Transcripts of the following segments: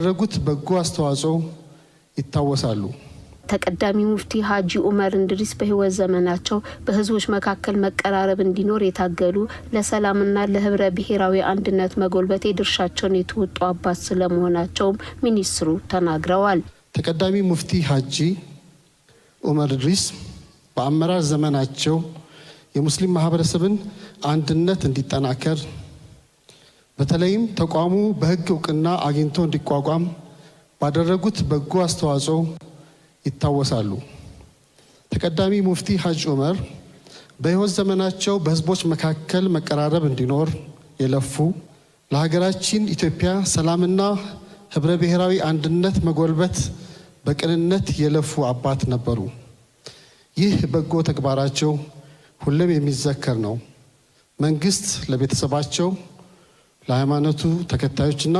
ያደረጉት በጎ አስተዋጽኦ ይታወሳሉ። ተቀዳሚ ሙፍቲ ሀጂ ኡመር እንድሪስ በህይወት ዘመናቸው በህዝቦች መካከል መቀራረብ እንዲኖር የታገሉ ለሰላምና ለህብረ ብሔራዊ አንድነት መጎልበት ድርሻቸውን የተወጡ አባት ስለመሆናቸውም ሚኒስትሩ ተናግረዋል። ተቀዳሚ ሙፍቲ ሀጂ ኡመር እንድሪስ በአመራር ዘመናቸው የሙስሊም ማህበረሰብን አንድነት እንዲጠናከር በተለይም ተቋሙ በሕግ እውቅና አግኝቶ እንዲቋቋም ባደረጉት በጎ አስተዋጽኦ ይታወሳሉ። ተቀዳሚ ሙፍቲ ሐጂ ዑመር በሕይወት ዘመናቸው በሕዝቦች መካከል መቀራረብ እንዲኖር የለፉ ለሀገራችን ኢትዮጵያ ሰላምና ህብረ ብሔራዊ አንድነት መጎልበት በቅንነት የለፉ አባት ነበሩ። ይህ በጎ ተግባራቸው ሁሌም የሚዘከር ነው። መንግስት ለቤተሰባቸው ለሃይማኖቱ ተከታዮችና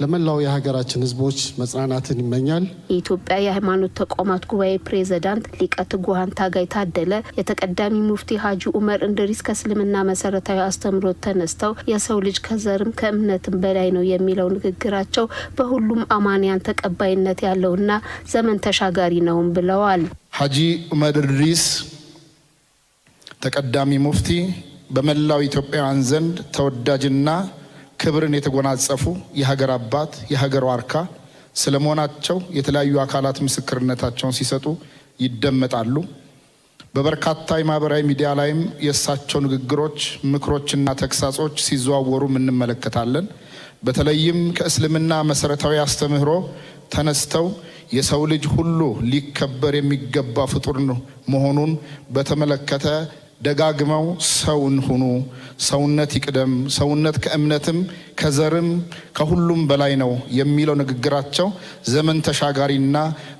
ለመላው የሀገራችን ህዝቦች መጽናናትን ይመኛል። የኢትዮጵያ የሃይማኖት ተቋማት ጉባኤ ፕሬዝዳንት ሊቀ ትጉሃን ታጋይ ታደለ የተቀዳሚ ሙፍቲ ሀጂ ኡመር እንድሪስ ከእስልምና መሰረታዊ አስተምህሮት ተነስተው የሰው ልጅ ከዘርም ከእምነትም በላይ ነው የሚለው ንግግራቸው በሁሉም አማንያን ተቀባይነት ያለውና ዘመን ተሻጋሪ ነውም ብለዋል። ሀጂ ኡመር እንድሪስ ተቀዳሚ ሙፍቲ በመላው ኢትዮጵያውያን ዘንድ ተወዳጅና ክብርን የተጎናጸፉ የሀገር አባት የሀገር ዋርካ ስለመሆናቸው የተለያዩ አካላት ምስክርነታቸውን ሲሰጡ ይደመጣሉ። በበርካታ የማህበራዊ ሚዲያ ላይም የእሳቸው ንግግሮች፣ ምክሮችና ተግሳጾች ሲዘዋወሩም እንመለከታለን። በተለይም ከእስልምና መሰረታዊ አስተምህሮ ተነስተው የሰው ልጅ ሁሉ ሊከበር የሚገባ ፍጡር መሆኑን በተመለከተ ደጋግመው ሰውን ሁኑ፣ ሰውነት ይቅደም፣ ሰውነት ከእምነትም ከዘርም ከሁሉም በላይ ነው የሚለው ንግግራቸው ዘመን ተሻጋሪና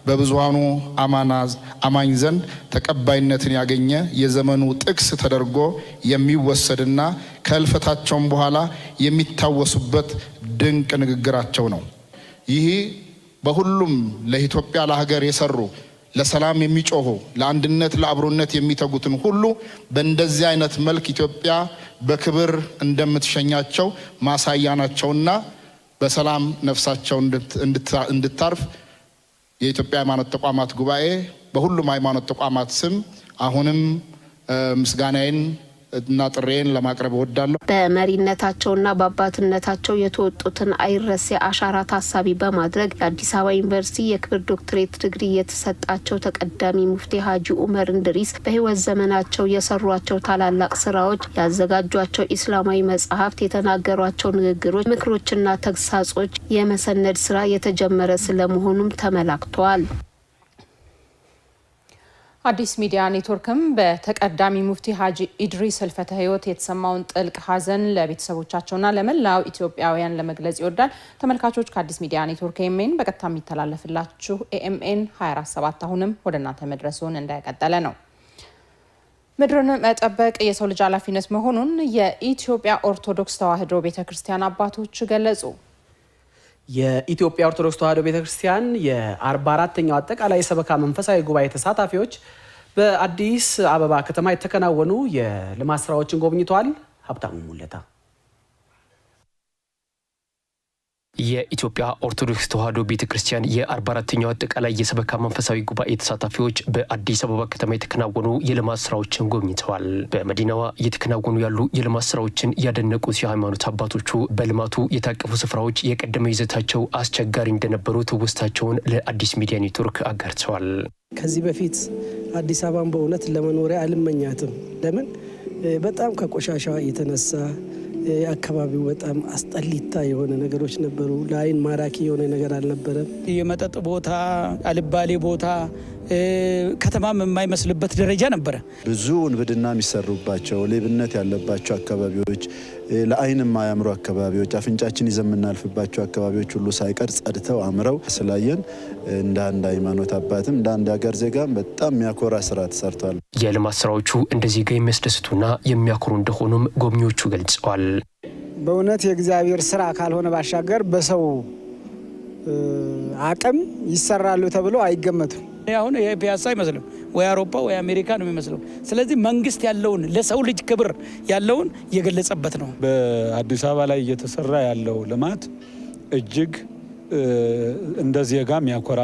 በብዙሃኑ አማኝ ዘንድ ተቀባይነትን ያገኘ የዘመኑ ጥቅስ ተደርጎ የሚወሰድና ከህልፈታቸውም በኋላ የሚታወሱበት ድንቅ ንግግራቸው ነው። ይህ በሁሉም ለኢትዮጵያ ለሀገር የሰሩ ለሰላም የሚጮሁ ለአንድነት፣ ለአብሮነት የሚተጉትን ሁሉ በእንደዚህ አይነት መልክ ኢትዮጵያ በክብር እንደምትሸኛቸው ማሳያ ናቸውና በሰላም ነፍሳቸው እንድታርፍ የኢትዮጵያ ሃይማኖት ተቋማት ጉባኤ በሁሉም ሃይማኖት ተቋማት ስም አሁንም ምስጋናዬን እና ጥሬን ለማቅረብ እወዳለሁ። በመሪነታቸውና በአባትነታቸው የተወጡትን አይረሴ አሻራ ታሳቢ በማድረግ የአዲስ አበባ ዩኒቨርሲቲ የክብር ዶክትሬት ድግሪ የተሰጣቸው ተቀዳሚ ሙፍቲ ሀጂ ኡመር እንድሪስ በህይወት ዘመናቸው የሰሯቸው ታላላቅ ስራዎች፣ ያዘጋጇቸው ኢስላማዊ መጽሐፍት፣ የተናገሯቸው ንግግሮች፣ ምክሮችና ተግሳጾች የመሰነድ ስራ የተጀመረ ስለመሆኑም ተመላክተዋል። አዲስ ሚዲያ ኔትወርክም በተቀዳሚ ሙፍቲ ሀጂ ኢድሪስ ህልፈተ ህይወት የተሰማውን ጥልቅ ሀዘን ለቤተሰቦቻቸውና ለመላው ኢትዮጵያውያን ለመግለጽ ይወዳል። ተመልካቾች ከአዲስ ሚዲያ ኔትወርክ ኤምኤን በቀጥታ የሚተላለፍላችሁ ኤኤምኤን 247 አሁንም ወደ እናንተ መድረሱን እንደቀጠለ ነው። ምድርን መጠበቅ የሰው ልጅ ኃላፊነት መሆኑን የኢትዮጵያ ኦርቶዶክስ ተዋሕዶ ቤተ ክርስቲያን አባቶች ገለጹ። የኢትዮጵያ ኦርቶዶክስ ተዋሕዶ ቤተክርስቲያን የ የአርባ አራተኛው አጠቃላይ ሰበካ መንፈሳዊ ጉባኤ ተሳታፊዎች በአዲስ አበባ ከተማ የተከናወኑ የልማት ስራዎችን ጎብኝተዋል። ሀብታሙ ሙለታ የኢትዮጵያ ኦርቶዶክስ ተዋሕዶ ቤተ ክርስቲያን የ 44 አጠቃላይ የሰበካ መንፈሳዊ ጉባኤ ተሳታፊዎች በአዲስ አበባ ከተማ የተከናወኑ የልማት ስራዎችን ጎብኝተዋል። በመዲናዋ እየተከናወኑ ያሉ የልማት ስራዎችን ያደነቁት የሃይማኖት አባቶቹ በልማቱ የታቀፉ ስፍራዎች የቀደመ ይዘታቸው አስቸጋሪ እንደነበሩ ትውስታቸውን ለአዲስ ሚዲያ ኔትወርክ አጋርተዋል። ከዚህ በፊት አዲስ አበባን በእውነት ለመኖሪያ አልመኛትም። ለምን? በጣም ከቆሻሻ የተነሳ አካባቢው በጣም አስጠሊታ የሆነ ነገሮች ነበሩ። ለአይን ማራኪ የሆነ ነገር አልነበረም። የመጠጥ ቦታ፣ አልባሌ ቦታ፣ ከተማም የማይመስልበት ደረጃ ነበረ። ብዙ ውንብድና የሚሰሩባቸው ሌብነት ያለባቸው አካባቢዎች ለአይን የማያምሩ አካባቢዎች አፍንጫችን ይዘ የምናልፍባቸው አካባቢዎች ሁሉ ሳይቀር ጸድተው አምረው ስላየን እንደ አንድ ሃይማኖት አባትም እንደ አንድ ሀገር ዜጋም በጣም የሚያኮራ ስራ ተሰርቷል። የልማት ስራዎቹ እንደ ዜጋ የሚያስደስቱና የሚያኮሩ እንደሆኑም ጎብኚዎቹ ገልጸዋል። በእውነት የእግዚአብሔር ስራ ካልሆነ ባሻገር በሰው አቅም ይሰራሉ ተብሎ አይገመቱም። አሁን ፒያሳ አይመስልም ወይ አውሮፓ ወይ አሜሪካ ነው የሚመስለው። ስለዚህ መንግስት ያለውን ለሰው ልጅ ክብር ያለውን የገለጸበት ነው። በአዲስ አበባ ላይ እየተሰራ ያለው ልማት እጅግ እንደ ዜጋ የሚያኮራ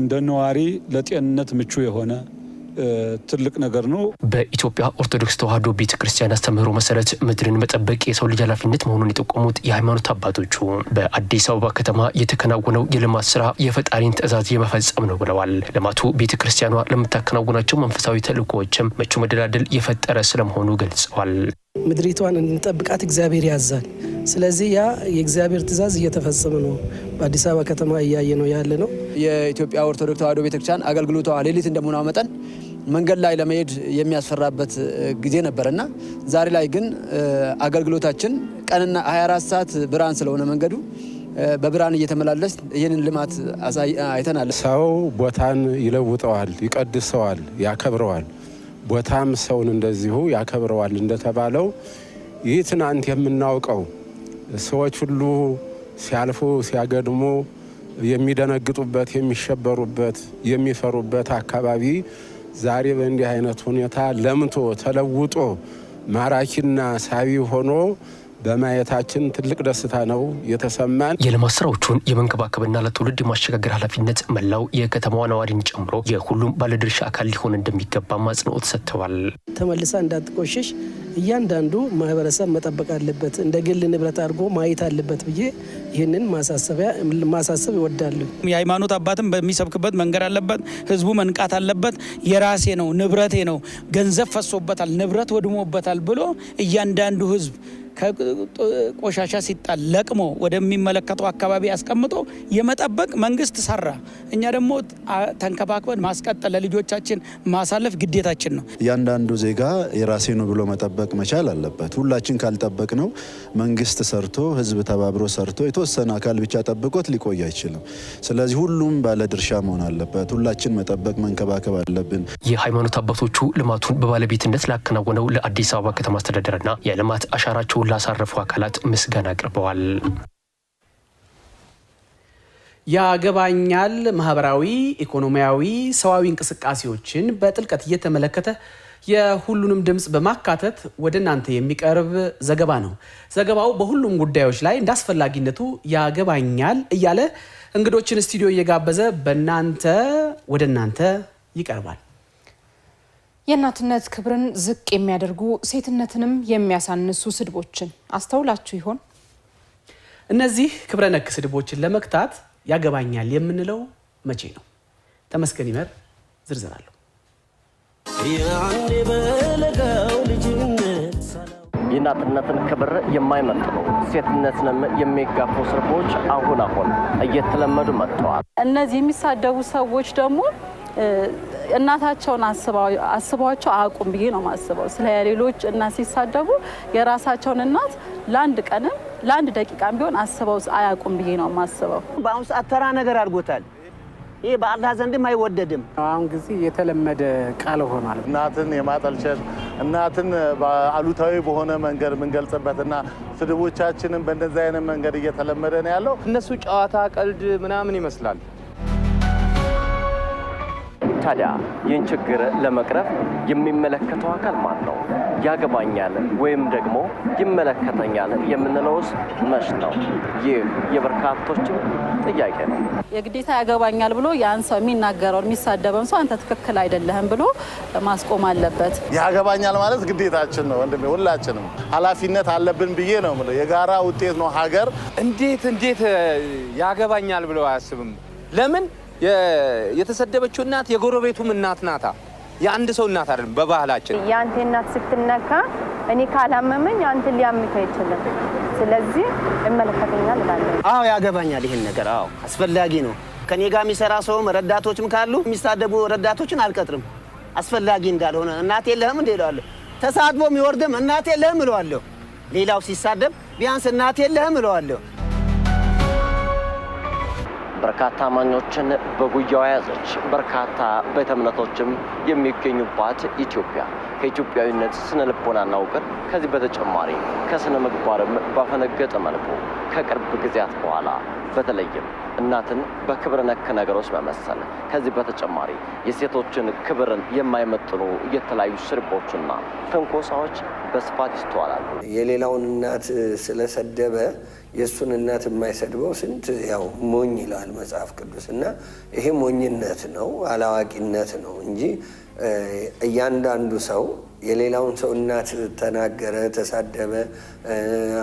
እንደ ነዋሪ ለጤንነት ምቹ የሆነ ትልቅ ነገር ነው። በኢትዮጵያ ኦርቶዶክስ ተዋህዶ ቤተ ክርስቲያን አስተምህሮ መሰረት ምድርን መጠበቅ የሰው ልጅ ኃላፊነት መሆኑን የጠቆሙት የሃይማኖት አባቶቹ በአዲስ አበባ ከተማ የተከናወነው የልማት ስራ የፈጣሪን ትዕዛዝ የመፈጸም ነው ብለዋል። ልማቱ ቤተ ክርስቲያኗ ለምታከናውናቸው መንፈሳዊ ተልእኮዎችም ምቹ መደላደል የፈጠረ ስለመሆኑ ገልጸዋል። ምድሪቷን እንጠብቃት እግዚአብሔር ያዛል። ስለዚህ ያ የእግዚአብሔር ትእዛዝ እየተፈጸመ ነው። በአዲስ አበባ ከተማ እያየ ነው ያለ ነው። የኢትዮጵያ ኦርቶዶክስ ተዋሕዶ ቤተክርስቲያን አገልግሎቷ ሌሊት እንደመሆኗ መጠን መንገድ ላይ ለመሄድ የሚያስፈራበት ጊዜ እና ዛሬ ላይ ግን አገልግሎታችን ቀንና 24 ሰዓት ብርሃን ስለሆነ መንገዱ በብርሃን እየተመላለስ ይህንን ልማት አይተናል። ሰው ቦታን ይለውጠዋል፣ ይቀድሰዋል፣ ያከብረዋል። ቦታም ሰውን እንደዚሁ ያከብረዋል። እንደተባለው ይህ ትናንት የምናውቀው ሰዎች ሁሉ ሲያልፉ ሲያገድሙ የሚደነግጡበት፣ የሚሸበሩበት፣ የሚፈሩበት አካባቢ ዛሬ በእንዲህ አይነት ሁኔታ ለምቶ ተለውጦ ማራኪና ሳቢ ሆኖ በማየታችን ትልቅ ደስታ ነው የተሰማን። የልማት ስራዎቹን የመንከባከብና ለትውልድ የማሸጋገር ኃላፊነት መላው የከተማዋ ነዋሪን ጨምሮ የሁሉም ባለድርሻ አካል ሊሆን እንደሚገባ አጽንኦት ሰጥተዋል። ተመልሳ እንዳትቆሽሽ እያንዳንዱ ማህበረሰብ መጠበቅ አለበት፣ እንደ ግል ንብረት አድርጎ ማየት አለበት ብዬ ይህንን ማሳሰቢያ ማሳሰብ ይወዳሉ። የሃይማኖት አባትም በሚሰብክበት መንገድ አለበት፣ ህዝቡ መንቃት አለበት። የራሴ ነው፣ ንብረቴ ነው፣ ገንዘብ ፈሶበታል፣ ንብረት ወድሞበታል ብሎ እያንዳንዱ ህዝብ ከቆሻሻ ሲጣል ለቅሞ ወደሚመለከተው አካባቢ አስቀምጦ የመጠበቅ መንግስት ሰራ። እኛ ደግሞ ተንከባክበን ማስቀጠል ለልጆቻችን ማሳለፍ ግዴታችን ነው። እያንዳንዱ ዜጋ የራሴ ነው ብሎ መጠበቅ መቻል አለበት። ሁላችን ካልጠበቅ ነው መንግስት ሰርቶ ህዝብ ተባብሮ ሰርቶ የተወሰነ አካል ብቻ ጠብቆት ሊቆይ አይችልም። ስለዚህ ሁሉም ባለድርሻ መሆን አለበት። ሁላችን መጠበቅ መንከባከብ አለብን። የሃይማኖት አባቶቹ ልማቱን በባለቤትነት ላከናወነው ለአዲስ አበባ ከተማ አስተዳደርና የልማት አሻራቸውን ላሳረፉ አካላት ምስጋና አቅርበዋል። ያገባኛል ማህበራዊ፣ ኢኮኖሚያዊ፣ ሰዋዊ እንቅስቃሴዎችን በጥልቀት እየተመለከተ የሁሉንም ድምፅ በማካተት ወደ እናንተ የሚቀርብ ዘገባ ነው። ዘገባው በሁሉም ጉዳዮች ላይ እንደ አስፈላጊነቱ ያገባኛል እያለ እንግዶችን ስቱዲዮ እየጋበዘ በእናንተ ወደ እናንተ ይቀርባል። የእናትነት ክብርን ዝቅ የሚያደርጉ ሴትነትንም የሚያሳንሱ ስድቦችን አስተውላችሁ ይሆን? እነዚህ ክብረ ነክ ስድቦችን ለመግታት ያገባኛል የምንለው መቼ ነው? ተመስገን ይመር ዝርዝር የእናትነትን ክብር የማይመጥኑ ሴትነትንም የሚጋፉ ስድቦች አሁን አሁን እየተለመዱ መጥተዋል። እነዚህ የሚሳደቡ ሰዎች ደግሞ እናታቸውን አስበዋቸው አያውቁም ብዬ ነው የማስበው። ስለ ሌሎች እናት ሲሳደቡ የራሳቸውን እናት ለአንድ ቀንም ለአንድ ደቂቃም ቢሆን አስበው አያቁም ብዬ ነው የማስበው። በአሁኑ ሰዓት ተራ ነገር አድርጎታል። ይህ በአላህ ዘንድም አይወደድም። አሁን ጊዜ የተለመደ ቃል ሆኗል። እናትን የማጠልሸት እናትን አሉታዊ በሆነ መንገድ የምንገልጽበትና ስድቦቻችንም በእንደዚህ አይነት መንገድ እየተለመደ ነው ያለው። እነሱ ጨዋታ፣ ቀልድ ምናምን ይመስላል ታዲያ ይህን ችግር ለመቅረፍ የሚመለከተው አካል ማን ነው? ያገባኛል ወይም ደግሞ ይመለከተኛል የምንለውስ መች ነው? ይህ የበርካቶችም ጥያቄ ነው። የግዴታ ያገባኛል ብሎ ያን ሰው የሚናገረውን የሚሳደበም ሰው አንተ ትክክል አይደለህም ብሎ ማስቆም አለበት። ያገባኛል ማለት ግዴታችን ነው ወንድሜ፣ ሁላችንም ኃላፊነት አለብን ብዬ ነው የምለው። የጋራ ውጤት ነው ሀገር። እንዴት እንዴት ያገባኛል ብሎ አያስብም? ለምን የተሰደበችው እናት የጎረቤቱም እናት ናታ። የአንድ ሰው እናት አይደለም። በባህላችን የአንቴ እናት ስትነካ እኔ ካላመመኝ አንተ ሊያምከ አይችልም። ስለዚህ እመለከተኛል እላለሁ። አዎ ያገባኛል፣ ይህን ነገር አዎ አስፈላጊ ነው። ከኔ ጋር የሚሰራ ሰውም ረዳቶችም ካሉ የሚሳደቡ ረዳቶችን አልቀጥርም። አስፈላጊ እንዳልሆነ እናቴ የለህም እንደ እለዋለሁ። ተሳድቦ የሚወርድም እናቴ የለህም እለዋለሁ። ሌላው ሲሳደብ ቢያንስ እናቴ የለህም እለዋለሁ። በርካታ አማኞችን በጉያው ያዘች። በርካታ ቤተ እምነቶችም የሚገኙባት ኢትዮጵያ ከኢትዮጵያዊነት ስነ ልቦናና እውቀት ከዚህ በተጨማሪ ከስነ ምግባርም ባፈነገጠ መልኩ ከቅርብ ጊዜያት በኋላ በተለይም እናትን በክብር ነክ ነገሮች መመሰል፣ ከዚህ በተጨማሪ የሴቶችን ክብርን የማይመጥኑ የተለያዩ ስድቦችና ትንኮሳዎች በስፋት ይስተዋላሉ። የሌላውን እናት ስለሰደበ የእሱን እናት የማይሰድበው ስንት ያው ሞኝ ይለዋል መጽሐፍ ቅዱስ እና ይሄ ሞኝነት ነው፣ አላዋቂነት ነው እንጂ እያንዳንዱ ሰው የሌላውን ሰው እናት ተናገረ፣ ተሳደበ፣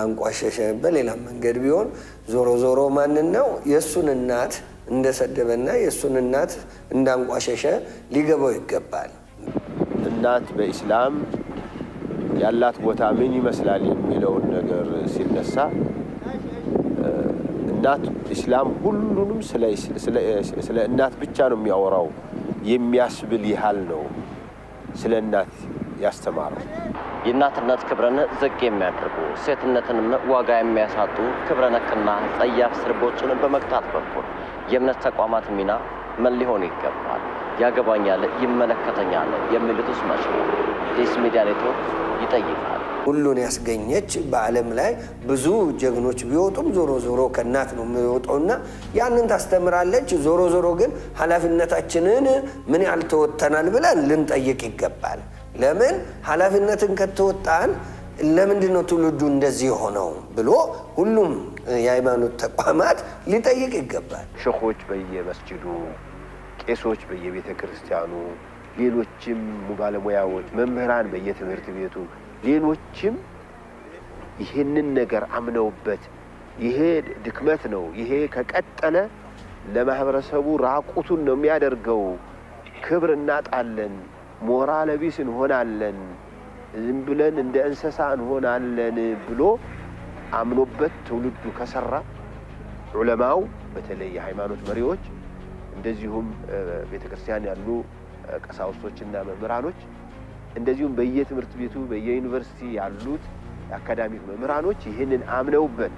አንቋሸሸ በሌላ መንገድ ቢሆን ዞሮ ዞሮ ማንን ነው የእሱን እናት እንደሰደበና የእሱን እናት እንዳንቋሸሸ ሊገባው ይገባል። እናት በኢስላም ያላት ቦታ ምን ይመስላል የሚለውን ነገር ሲነሳ እናት ኢስላም ሁሉንም ስለ እናት ብቻ ነው የሚያወራው። የሚያስብል ያህል ነው ስለ እናት ያስተማረው። የእናትነት ክብርን ዝቅ የሚያደርጉ ሴትነትንም ዋጋ የሚያሳጡ ክብረ ነክና ጸያፍ ስርቦችን በመግታት በኩል የእምነት ተቋማት ሚና ምን ሊሆን ይገባል? ያገባኛል፣ ይመለከተኛል የሚሉት ውስጥ መች ነው? ሚዲያ ኔትወርክ ይጠይቃል። ሁሉን ያስገኘች በዓለም ላይ ብዙ ጀግኖች ቢወጡም ዞሮ ዞሮ ከእናት ነው እና ያንን ታስተምራለች። ዞሮ ዞሮ ግን ኃላፊነታችንን ምን ያህል ተወጥተናል ብለን ልንጠይቅ ይገባል። ለምን ኃላፊነትን ከተወጣን ለምንድን ነው ትውልዱ እንደዚህ የሆነው ብሎ ሁሉም የሃይማኖት ተቋማት ሊጠይቅ ይገባል። ሸኾች በየመስጅዱ፣ ቄሶች በየቤተ ክርስቲያኑ፣ ሌሎችም ባለሙያዎች፣ መምህራን በየትምህርት ቤቱ ሌሎችም ይህንን ነገር አምነውበት ይሄ ድክመት ነው፣ ይሄ ከቀጠለ ለማህበረሰቡ ራቁቱን ነው የሚያደርገው፣ ክብር እናጣለን፣ ሞራል ቢስ እንሆናለን፣ ዝም ብለን እንደ እንስሳ እንሆናለን ብሎ አምኖበት ትውልዱ ከሰራ ዑለማው በተለይ የሃይማኖት መሪዎች እንደዚሁም ቤተ ክርስቲያን ያሉ ቀሳውስቶችና መምህራኖች እንደዚሁም በየትምህርት ቤቱ በየዩኒቨርሲቲ ያሉት የአካዳሚክ መምህራኖች ይህንን አምነውበት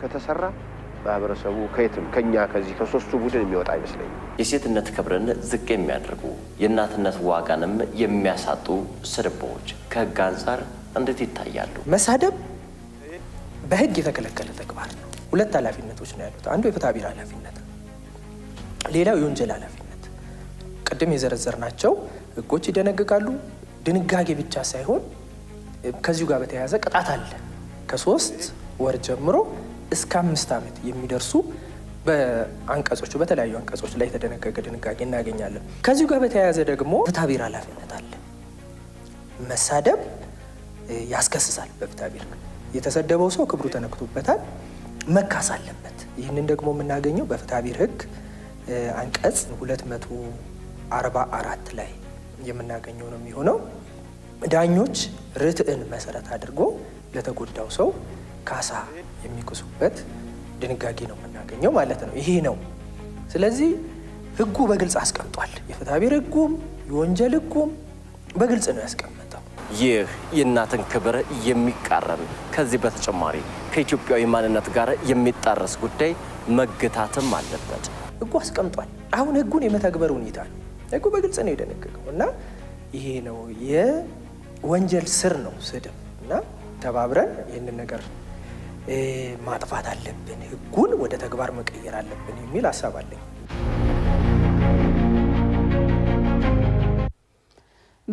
ከተሰራ ማህበረሰቡ ከየትም ከኛ ከዚህ ከሶስቱ ቡድን የሚወጣ አይመስለኝም። የሴትነት ክብርን ዝቅ የሚያደርጉ የእናትነት ዋጋንም የሚያሳጡ ስድቦች ከህግ አንጻር እንዴት ይታያሉ? መሳደብ በህግ የተከለከለ ተግባር ነው። ሁለት ኃላፊነቶች ነው ያሉት። አንዱ የፍትሐ ብሔር ኃላፊነት፣ ሌላው የወንጀል ኃላፊነት። ቅድም የዘረዘርናቸው ህጎች ይደነግጋሉ። ድንጋጌ ብቻ ሳይሆን ከዚሁ ጋር በተያያዘ ቅጣት አለ። ከሶስት ወር ጀምሮ እስከ አምስት ዓመት የሚደርሱ በአንቀጾቹ በተለያዩ አንቀጾች ላይ የተደነገገ ድንጋጌ እናገኛለን። ከዚሁ ጋር በተያያዘ ደግሞ ፍትሐብሔር ኃላፊነት አለ። መሳደብ ያስከስሳል። በፍትሐብሔር የተሰደበው ሰው ክብሩ ተነክቶበታል፣ መካስ አለበት። ይህንን ደግሞ የምናገኘው በፍትሐብሔር ሕግ አንቀጽ 244 ላይ የምናገኘው ነው የሚሆነው። ዳኞች ርትዕን መሰረት አድርጎ ለተጎዳው ሰው ካሳ የሚክሱበት ድንጋጌ ነው የምናገኘው ማለት ነው። ይሄ ነው። ስለዚህ ህጉ በግልጽ አስቀምጧል። የፍትሐ ህጉም የወንጀል ህጉም በግልጽ ነው ያስቀመጠው። ይህ የእናትን ክብር የሚቃረን ከዚህ በተጨማሪ ከኢትዮጵያዊ ማንነት ጋር የሚጣረስ ጉዳይ መግታትም አለበት። ህጉ አስቀምጧል። አሁን ህጉን የመተግበር ሁኔታ ነው ህጉ በግልጽ ነው የደነገገው እና ይሄ ነው የወንጀል ስር ነው ስድብ እና ተባብረን ይህንን ነገር ማጥፋት አለብን፣ ህጉን ወደ ተግባር መቀየር አለብን የሚል ሀሳብ አለኝ።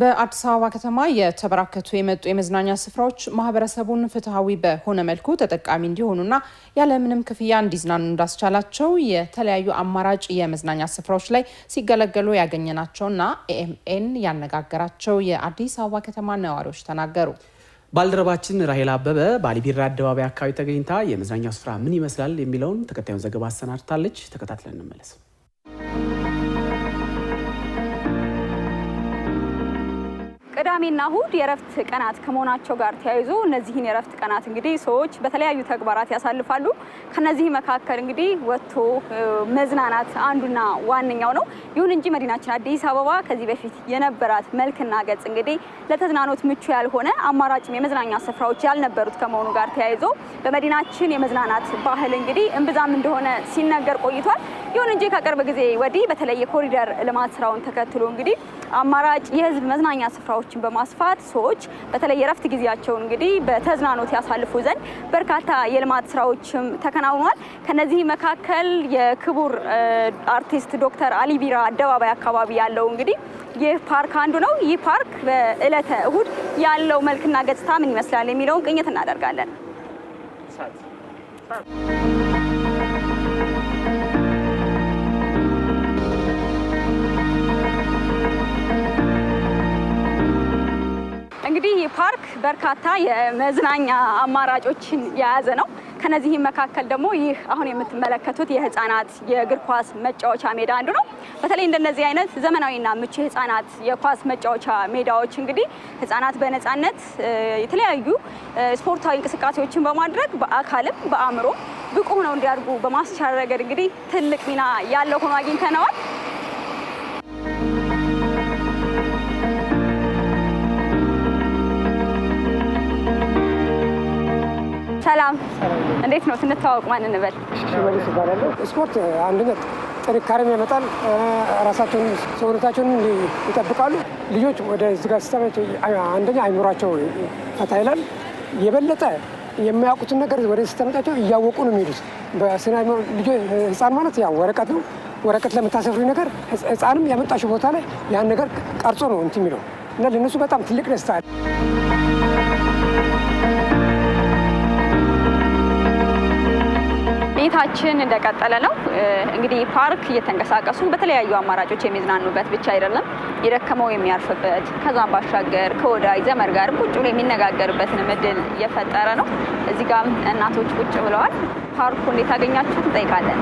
በአዲስ አበባ ከተማ የተበራከቱ የመጡ የመዝናኛ ስፍራዎች ማህበረሰቡን ፍትሐዊ በሆነ መልኩ ተጠቃሚ እንዲሆኑና ያለምንም ክፍያ እንዲዝናኑ እንዳስቻላቸው የተለያዩ አማራጭ የመዝናኛ ስፍራዎች ላይ ሲገለገሉ ያገኘናቸውና ኤኤምኤን ያነጋገራቸው የአዲስ አበባ ከተማ ነዋሪዎች ተናገሩ። ባልደረባችን ራሄል አበበ ባሊቢራ አደባባይ አካባቢ ተገኝታ የመዝናኛው ስፍራ ምን ይመስላል የሚለውን ተከታዩን ዘገባ አሰናድታለች። ተከታትለን እንመለስ። ቅዳሜና እሁድ የእረፍት ቀናት ከመሆናቸው ጋር ተያይዞ እነዚህን የእረፍት ቀናት እንግዲህ ሰዎች በተለያዩ ተግባራት ያሳልፋሉ። ከነዚህ መካከል እንግዲህ ወጥቶ መዝናናት አንዱና ዋነኛው ነው። ይሁን እንጂ መዲናችን አዲስ አበባ ከዚህ በፊት የነበራት መልክና ገጽ እንግዲህ ለተዝናኖት ምቹ ያልሆነ አማራጭም የመዝናኛ ስፍራዎች ያልነበሩት ከመሆኑ ጋር ተያይዞ በመዲናችን የመዝናናት ባህል እንግዲህ እምብዛም እንደሆነ ሲነገር ቆይቷል። ይሁን እንጂ ከቅርብ ጊዜ ወዲህ በተለይ የኮሪደር ልማት ስራውን ተከትሎ እንግዲህ አማራጭ የህዝብ መዝናኛ ስፍራዎችን በማስፋት ሰዎች በተለይ የረፍት ጊዜያቸውን እንግዲህ በተዝናኖት ያሳልፉ ዘንድ በርካታ የልማት ስራዎችም ተከናውኗል። ከነዚህ መካከል የክቡር አርቲስት ዶክተር አሊ ቢራ አደባባይ አካባቢ ያለው እንግዲህ ይህ ፓርክ አንዱ ነው። ይህ ፓርክ በእለተ እሁድ ያለው መልክና ገጽታ ምን ይመስላል የሚለውን ቅኝት እናደርጋለን። እንግዲህ ይህ ፓርክ በርካታ የመዝናኛ አማራጮችን የያዘ ነው። ከነዚህም መካከል ደግሞ ይህ አሁን የምትመለከቱት የህፃናት የእግር ኳስ መጫወቻ ሜዳ አንዱ ነው። በተለይ እንደነዚህ አይነት ዘመናዊና ምቹ የህፃናት የኳስ መጫወቻ ሜዳዎች እንግዲህ ህፃናት በነፃነት የተለያዩ ስፖርታዊ እንቅስቃሴዎችን በማድረግ በአካልም በአእምሮ ብቁ ሆነው እንዲያድጉ በማስቻል ረገድ እንግዲህ ትልቅ ሚና ያለው ሆኖ አግኝተነዋል። ሰላም፣ እንዴት ነው? ስንተዋወቅ ማን እንበል? ሽመልስ እባላለሁ። ስፖርት አንድነት ጥንካሬም ያመጣል። ራሳቸውን ሰውነታቸውን ይጠብቃሉ። ልጆች ወደ ዝጋ ሲስተማቸው አንደኛ አይምሯቸው ፈታ ይላል። የበለጠ የማያውቁትን ነገር ወደ ሲስተመጫቸው እያወቁ ነው የሚሄዱት። በስነ ህፃን ማለት ያው ወረቀት ነው። ወረቀት ለምታሰፍሪ ነገር ህፃንም ያመጣሽው ቦታ ላይ ያን ነገር ቀርጾ ነው እንትን የሚለው እና ለእነሱ በጣም ትልቅ ደስታ ቆይታችን እንደቀጠለ ነው። እንግዲህ ፓርክ እየተንቀሳቀሱ በተለያዩ አማራጮች የሚዝናኑበት ብቻ አይደለም፣ የደከመው የሚያርፍበት ከዛም ባሻገር ከወዳጅ ዘመድ ጋር ቁጭ ብሎ የሚነጋገርበትን እድል እየፈጠረ ነው። እዚህ ጋም እናቶች ቁጭ ብለዋል። ፓርኩ እንዴት አገኛችሁ እንጠይቃለን።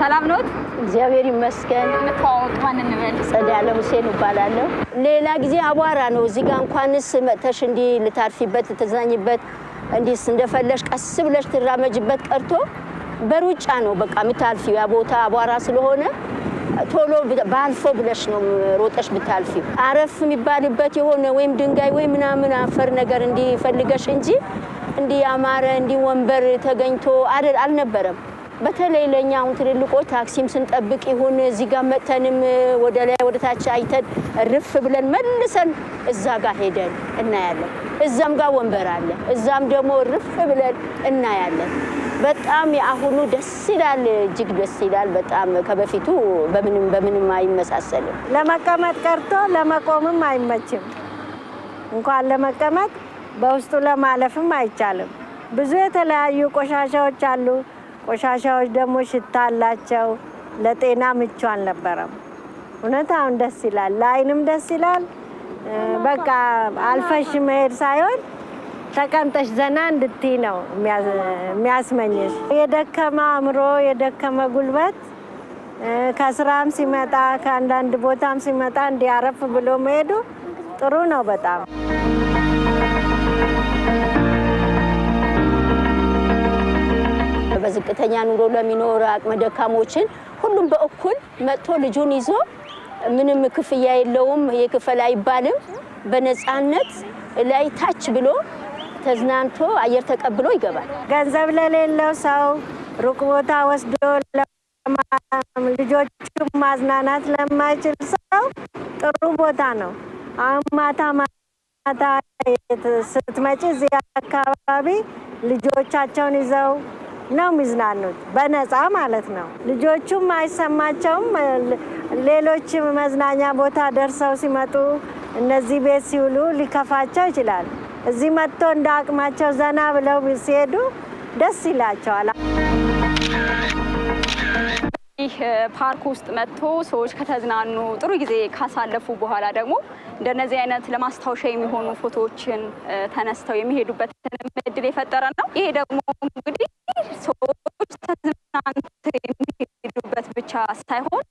ሰላም ኖት? እግዚአብሔር ይመስገን። እንተዋወቅ። ማን እንበል? ጸዳለም ሁሴን እባላለሁ። ሌላ ጊዜ አቧራ ነው። እዚህ ጋ እንኳንስ መጥተሽ እንዲህ ልታርፊበት ልትዝናኝበት እንዲስ እንደፈለሽ ቀስ ብለሽ ትራመጅበት ቀርቶ በሩጫ ነው በቃ የምታልፊው። ያ ቦታ አቧራ ስለሆነ ቶሎ ባልፎ ብለሽ ነው ሮጠሽ ብታልፊው። አረፍ የሚባልበት የሆነ ወይም ድንጋይ ወይም ምናምን አፈር ነገር እንዲፈልገሽ እንጂ እንዲህ ያማረ እንዲህ ወንበር ተገኝቶ አልነበረም። በተለይ ለእኛ አሁን ትልልቆች ታክሲም ስንጠብቅ ይሁን እዚህ ጋር መጥተንም ወደ ላይ ወደ ታች አይተን ርፍ ብለን መልሰን እዛ ጋር ሄደን እናያለን። እዛም ጋር ወንበር አለ፣ እዛም ደግሞ ርፍ ብለን እናያለን። በጣም የአሁኑ ደስ ይላል፣ እጅግ ደስ ይላል። በጣም ከበፊቱ በምንም በምንም አይመሳሰልም። ለመቀመጥ ቀርቶ ለመቆምም አይመችም። እንኳን ለመቀመጥ በውስጡ ለማለፍም አይቻልም። ብዙ የተለያዩ ቆሻሻዎች አሉ። ቆሻሻዎች ደግሞ ሽታ አላቸው። ለጤና ምቹ አልነበረም። እውነት አሁን ደስ ይላል፣ ለአይንም ደስ ይላል። በቃ አልፈሽ መሄድ ሳይሆን ተቀምጠሽ ዘና እንድትይ ነው የሚያስመኝሽ። የደከመ አእምሮ፣ የደከመ ጉልበት ከስራም ሲመጣ ከአንዳንድ ቦታም ሲመጣ እንዲያረፍ ብሎ መሄዱ ጥሩ ነው በጣም ዝቅተኛ ኑሮ ለሚኖር አቅመ ደካሞችን ሁሉም በእኩል መጥቶ ልጁን ይዞ ምንም ክፍያ የለውም፣ የክፈል አይባልም። በነፃነት ላይ ታች ብሎ ተዝናንቶ አየር ተቀብሎ ይገባል። ገንዘብ ለሌለው ሰው ሩቅ ቦታ ወስዶ ልጆቹን ማዝናናት ለማይችል ሰው ጥሩ ቦታ ነው። አሁን ማታ ማታ ስትመጪ እዚህ አካባቢ ልጆቻቸውን ይዘው ነው የሚዝናኑት፣ በነፃ ማለት ነው። ልጆቹም አይሰማቸውም። ሌሎች መዝናኛ ቦታ ደርሰው ሲመጡ እነዚህ ቤት ሲውሉ ሊከፋቸው ይችላል። እዚህ መጥቶ እንደ አቅማቸው ዘና ብለው ሲሄዱ ደስ ይላቸዋል። ይህ ፓርክ ውስጥ መጥቶ ሰዎች ከተዝናኑ ጥሩ ጊዜ ካሳለፉ በኋላ ደግሞ እንደነዚህ አይነት ለማስታወሻ የሚሆኑ ፎቶዎችን ተነስተው የሚሄዱበትን እድል የፈጠረ ነው። ይሄ ደግሞ እንግዲህ ሰዎች ተዝናንተው የሚሄዱበት ብቻ ሳይሆን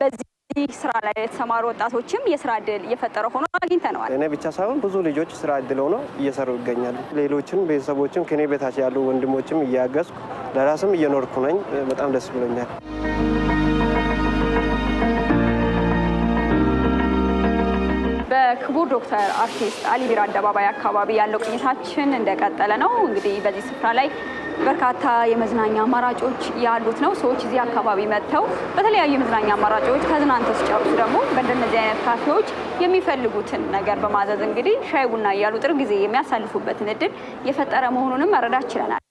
በዚህ ይህ ስራ ላይ የተሰማሩ ወጣቶችም የስራ እድል እየፈጠረ ሆኖ አግኝተነዋል። እኔ ብቻ ሳይሆን ብዙ ልጆች ስራ እድል ሆኖ እየሰሩ ይገኛሉ። ሌሎችን ቤተሰቦችም ከኔ በታች ያሉ ወንድሞችም እያገዝኩ ለራስም እየኖርኩ ነኝ። በጣም ደስ ብሎኛል። በክቡር ዶክተር አርቲስት አሊ ቢራ አደባባይ አካባቢ ያለው ቅኝታችን እንደቀጠለ ነው። እንግዲህ በዚህ ስፍራ ላይ በርካታ የመዝናኛ አማራጮች ያሉት ነው። ሰዎች እዚህ አካባቢ መጥተው በተለያዩ የመዝናኛ አማራጮች ተዝናንተው ሲጨርሱ ደግሞ በእንደነዚህ አይነት ካፌዎች የሚፈልጉትን ነገር በማዘዝ እንግዲህ ሻይ ቡና እያሉ ጥሩ ጊዜ የሚያሳልፉበትን እድል የፈጠረ መሆኑንም መረዳት ችለናል።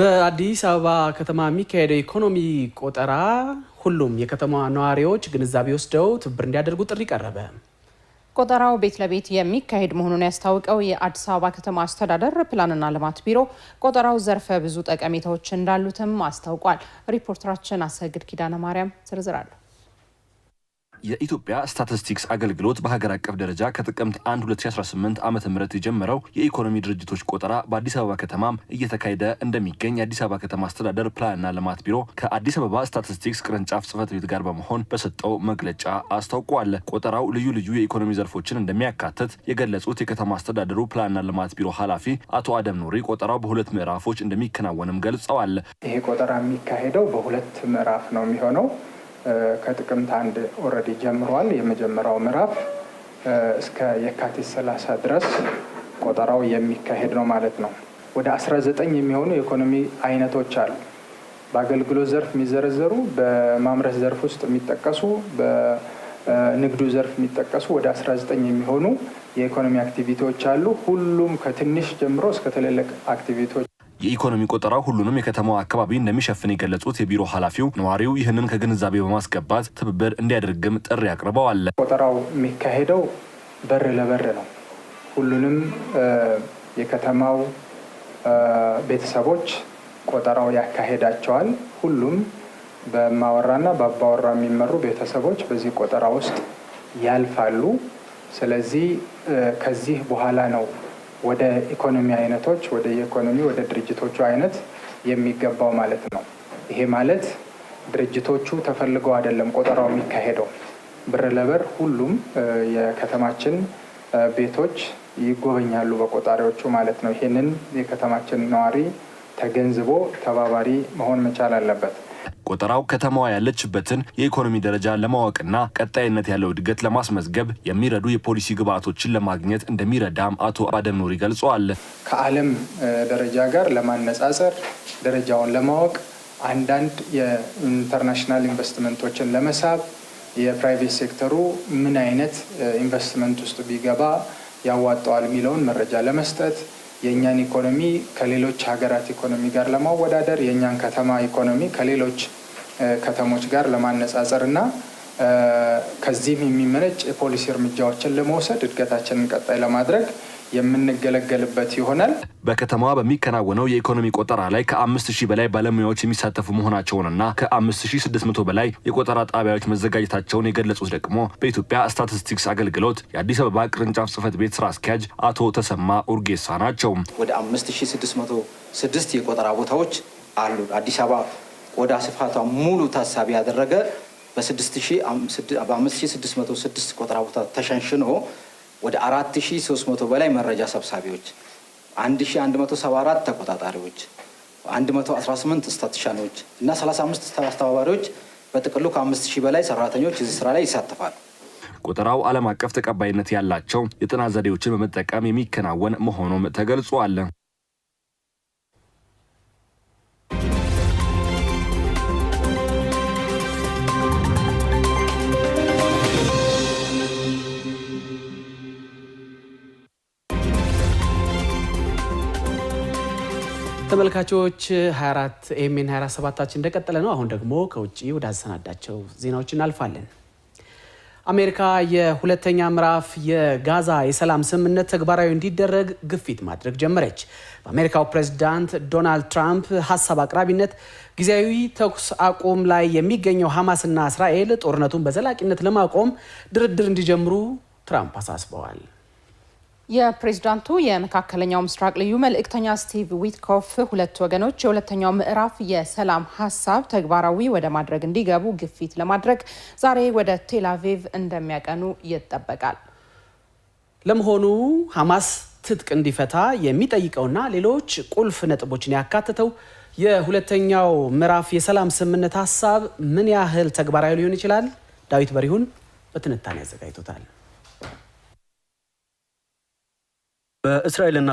በአዲስ አበባ ከተማ የሚካሄደው ኢኮኖሚ ቆጠራ ሁሉም የከተማዋ ነዋሪዎች ግንዛቤ ወስደው ትብብር እንዲያደርጉ ጥሪ ቀረበ። ቆጠራው ቤት ለቤት የሚካሄድ መሆኑን ያስታውቀው የአዲስ አበባ ከተማ አስተዳደር ፕላንና ልማት ቢሮ ቆጠራው ዘርፈ ብዙ ጠቀሜታዎች እንዳሉትም አስታውቋል። ሪፖርተራችን አሰግድ ኪዳነ ማርያም ዝርዝር አለሁ የኢትዮጵያ ስታቲስቲክስ አገልግሎት በሀገር አቀፍ ደረጃ ከጥቅምት 1 2018 ዓ ም የጀመረው የኢኮኖሚ ድርጅቶች ቆጠራ በአዲስ አበባ ከተማም እየተካሄደ እንደሚገኝ የአዲስ አበባ ከተማ አስተዳደር ፕላንና ልማት ቢሮ ከአዲስ አበባ ስታቲስቲክስ ቅርንጫፍ ጽህፈት ቤት ጋር በመሆን በሰጠው መግለጫ አስታውቋል። ቆጠራው ልዩ ልዩ የኢኮኖሚ ዘርፎችን እንደሚያካትት የገለጹት የከተማ አስተዳደሩ ፕላንና ልማት ቢሮ ኃላፊ አቶ አደም ኑሪ ቆጠራው በሁለት ምዕራፎች እንደሚከናወንም ገልጸዋል። ይሄ ቆጠራ የሚካሄደው በሁለት ምዕራፍ ነው የሚሆነው ከጥቅምት አንድ ኦረዲ ጀምሯል። የመጀመሪያው ምዕራፍ እስከ የካቲት 30 ድረስ ቆጠራው የሚካሄድ ነው ማለት ነው። ወደ 19 የሚሆኑ የኢኮኖሚ አይነቶች አሉ። በአገልግሎት ዘርፍ የሚዘረዘሩ፣ በማምረት ዘርፍ ውስጥ የሚጠቀሱ፣ በንግዱ ዘርፍ የሚጠቀሱ ወደ 19 የሚሆኑ የኢኮኖሚ አክቲቪቲዎች አሉ። ሁሉም ከትንሽ ጀምሮ እስከ ትልልቅ አክቲቪቲዎች የኢኮኖሚ ቆጠራው ሁሉንም የከተማው አካባቢ እንደሚሸፍን የገለጹት የቢሮ ኃላፊው ነዋሪው ይህንን ከግንዛቤ በማስገባት ትብብር እንዲያደርግም ጥሪ አቅርበዋል። ቆጠራው የሚካሄደው በር ለበር ነው። ሁሉንም የከተማው ቤተሰቦች ቆጠራው ያካሄዳቸዋል። ሁሉም በማወራና በአባወራ የሚመሩ ቤተሰቦች በዚህ ቆጠራ ውስጥ ያልፋሉ። ስለዚህ ከዚህ በኋላ ነው ወደ ኢኮኖሚ አይነቶች ወደ የኢኮኖሚ ወደ ድርጅቶቹ አይነት የሚገባው ማለት ነው። ይሄ ማለት ድርጅቶቹ ተፈልገው አይደለም ቆጠራው የሚካሄደው። ብር ለብር ሁሉም የከተማችን ቤቶች ይጎበኛሉ በቆጣሪዎቹ ማለት ነው። ይህንን የከተማችን ነዋሪ ተገንዝቦ ተባባሪ መሆን መቻል አለበት። ቆጠራው ከተማዋ ያለችበትን የኢኮኖሚ ደረጃ ለማወቅና ቀጣይነት ያለው እድገት ለማስመዝገብ የሚረዱ የፖሊሲ ግብዓቶችን ለማግኘት እንደሚረዳም አቶ አደም ኑሪ ገልጸዋል። ከዓለም ደረጃ ጋር ለማነጻጸር ደረጃውን ለማወቅ አንዳንድ የኢንተርናሽናል ኢንቨስትመንቶችን ለመሳብ የፕራይቬት ሴክተሩ ምን አይነት ኢንቨስትመንት ውስጥ ቢገባ ያዋጣዋል የሚለውን መረጃ ለመስጠት የእኛን ኢኮኖሚ ከሌሎች ሀገራት ኢኮኖሚ ጋር ለማወዳደር የእኛን ከተማ ኢኮኖሚ ከሌሎች ከተሞች ጋር ለማነጻጸር እና ከዚህም የሚመነጭ የፖሊሲ እርምጃዎችን ለመውሰድ እድገታችንን ቀጣይ ለማድረግ የምንገለገልበት ይሆናል። በከተማዋ በሚከናወነው የኢኮኖሚ ቆጠራ ላይ ከአምስት ሺህ በላይ ባለሙያዎች የሚሳተፉ መሆናቸውንና ከአምስት ሺህ ስድስት መቶ በላይ የቆጠራ ጣቢያዎች መዘጋጀታቸውን የገለጹት ደግሞ በኢትዮጵያ ስታቲስቲክስ አገልግሎት የአዲስ አበባ ቅርንጫፍ ጽህፈት ቤት ስራ አስኪያጅ አቶ ተሰማ ኡርጌሳ ናቸው። ወደ አምስት ሺህ ስድስት መቶ ስድስት የቆጠራ ቦታዎች አሉ። አዲስ አበባ ቆዳ ስፋቷ ሙሉ ታሳቢ ያደረገ በ5606 ቆጠራ ቦታ ተሸንሽኖ ወደ 4300 በላይ መረጃ ሰብሳቢዎች፣ 1174 ተቆጣጣሪዎች፣ 118 ስታቲሻኖች እና 35 አስተባባሪዎች በጥቅሉ ከ5000 በላይ ሰራተኞች እዚህ ስራ ላይ ይሳተፋሉ። ቁጥራው ዓለም አቀፍ ተቀባይነት ያላቸው የጥናት ዘዴዎችን በመጠቀም የሚከናወን መሆኑም ተገልጿል። ተመልካቾች 24 ኤምኤን 247 እንደቀጠለ ነው። አሁን ደግሞ ከውጭ ወዳሰናዳቸው ዜናዎች እናልፋለን። አሜሪካ የሁለተኛ ምዕራፍ የጋዛ የሰላም ስምምነት ተግባራዊ እንዲደረግ ግፊት ማድረግ ጀመረች። በአሜሪካው ፕሬዝዳንት ዶናልድ ትራምፕ ሀሳብ አቅራቢነት ጊዜያዊ ተኩስ አቁም ላይ የሚገኘው ሐማስና እስራኤል ጦርነቱን በዘላቂነት ለማቆም ድርድር እንዲጀምሩ ትራምፕ አሳስበዋል። የፕሬዝዳንቱ የመካከለኛው ምስራቅ ልዩ መልእክተኛ ስቲቭ ዊትኮፍ ሁለት ወገኖች የሁለተኛው ምዕራፍ የሰላም ሀሳብ ተግባራዊ ወደ ማድረግ እንዲገቡ ግፊት ለማድረግ ዛሬ ወደ ቴላቪቭ እንደሚያቀኑ ይጠበቃል። ለመሆኑ ሐማስ ትጥቅ እንዲፈታ የሚጠይቀውና ሌሎች ቁልፍ ነጥቦችን ያካተተው የሁለተኛው ምዕራፍ የሰላም ስምምነት ሀሳብ ምን ያህል ተግባራዊ ሊሆን ይችላል? ዳዊት በሪሁን በትንታኔ አዘጋጅቶታል። በእስራኤልና